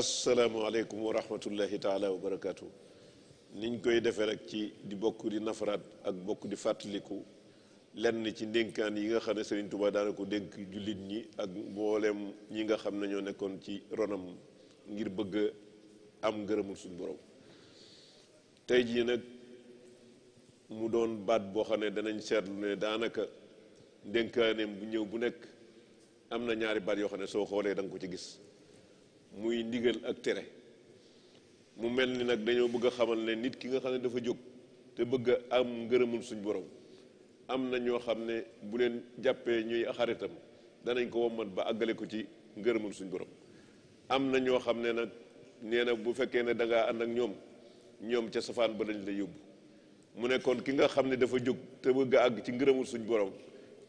asalaamualeykum wa rahmatullahi taala wa barakaatu. niñ koy defee rek ci di bokk di nafaraat ak bokk di fàttaliku lenn ci ndénkaan yi nga xam ne Serigne Touba daana ko dénk jullit ñi ak mbooleem ñi nga xam ne nekkoon ci ronam ngir bëgg am ngërëmul suñu borom tey jii nag mu doon baat boo xam ne danañ seetlu ne daanaka ndénkaaneem bu ñëw bu nekk am na ñaari baat yoo xam ne soo xoolee danga ko ci gis. muy ndigal ak tere mu mel ni nag dañoo bëgg xamal ne nit ki nga xam ne dafa jóg te bëgg a am ngërëmul suñ borom am na ñoo xam ne bu leen jàppee ñuy xaritam danañ ko wommat ba àggale ko ci ngërëmul suñ borom am na ñoo xam ne nag nee bu fekkee ne da ànd ak ñoom ñoom ca safaan ba lañ la yóbbu mu ne kon ki nga xam ne dafa jóg te bëgg a àgg ci ngërëmul suñ borom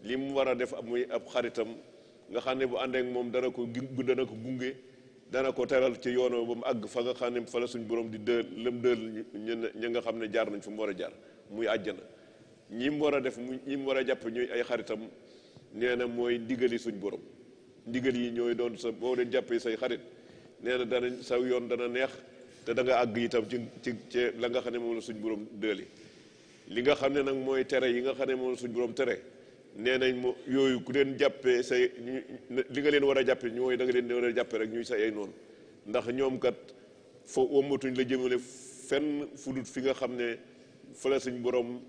li mu war a def muy ab xaritam nga xam ne bu àndeek moom dana ko dana ko gunge dana ko teral ci yoon ba mu àgg fa nga xam ne fa la suñ borom di dël lëm dël ñi nga xam ne jaar nañ fa mu war a jaar muy àjjana ñii mu war a def mu ñi mu war a jàpp ñuy ay xaritam nee na mooy ndigali suñ borom ndigal yi ñooy doon sa boo jàppee say xarit nee na dana saw yoon dana neex te da nga àgg itam ci ci ci la nga xam ne moom la suñ borom dëli li nga xam ne nag mooy tere yi nga xam ne moom la suñ borom tere nee nañ mo yooyu ku leen jàppee say li nga leen war a jàppe ñooy da nga leen war a jàppee rek ñuy say ay noonu ndax ñoom kat fo wamatuñ la jëmale fenn fu fi nga xam ne fa la suñ borom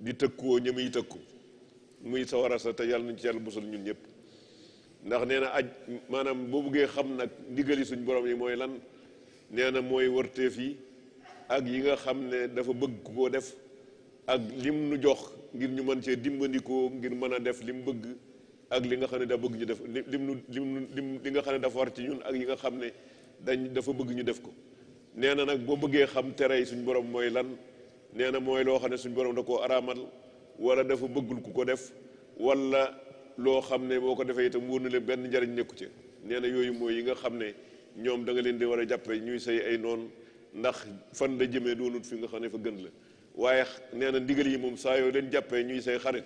di tëkkuwoo ña muy tëkku muy sawara sa te yàlla nañ ci yàlla musal ñun ñëpp ndax nee na aj maanaam boo buggee xam nag ndigali suñ borom yi mooy lan nee na mooy warteef yi ak yi nga xam ne dafa bëgg koo def ak lim nu jox ngir ñu mën cee dimbandikoo ngir mën a def lim bëgg ak li nga xam ne da bëgg ñu def lim nu lim lim li nga xam ne dafa war ci ñun ak yi nga xam ne dañ dafa bëgg ñu def ko nee na nag boo bëggee xam tere yi suñu borom mooy lan nee na mooy loo xam ne suñu borom da koo araamal wala dafa bëggul ku ko def wala loo xam ne boo ko defee itam wóor na leen benn njariñ nekku ci nee na yooyu mooy yi nga xam ne ñoom da nga leen di war a jàppe ñuy say ay noon ndax fan la jëmee doonut fi nga xam ne fa gën la waaye nee na ndigal yi moom saa yoo leen jàppee ñuy say xarit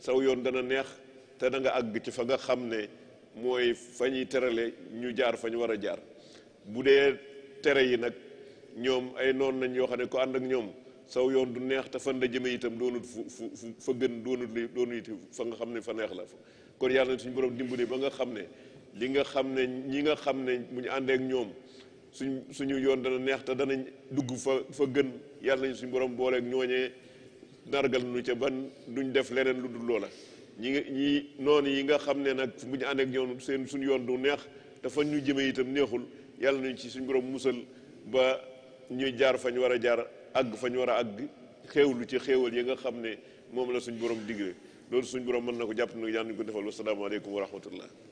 saw yoon dana neex te da nga àgg ci fa nga xam ne mooy fa ñuy terale ñu jaar fa ñu war a jaar bu dee tere yi nag ñoom ay noon nañ yoo xam ne ko ànd ak ñoom saw yoon du neex te fan la jëme itam doonut fu fu fa gën fa nga xam ne fa neex la fa kon yàlla na suñu borom dimbali ba nga xam ne li nga xam ne ñi nga xam ne mu ñu àndee ak ñoom suñ suñu yoon dana neex te danañ dugg fa fa gën yàlla nañ suñu borom booleeg ñooñee nargal nu ca ban duñ def leneen lu dul loola ñi nga ñi noonu yi nga xam ne nag bu ñu ànd ak ñoom seen suñu yoon du neex te fan ñu jëmee itam neexul yàlla nañ ci suñu borom musal ba ñuy jaar fa ñu war a jaar àgg ñu war a àgg xéewlu ci xéewal yi nga xam ne moom la suñu borom digle loolu suñu borom mën na ko jàpp nag yàlla nañ ko defal wasalaamaaleykum wa rahmatullah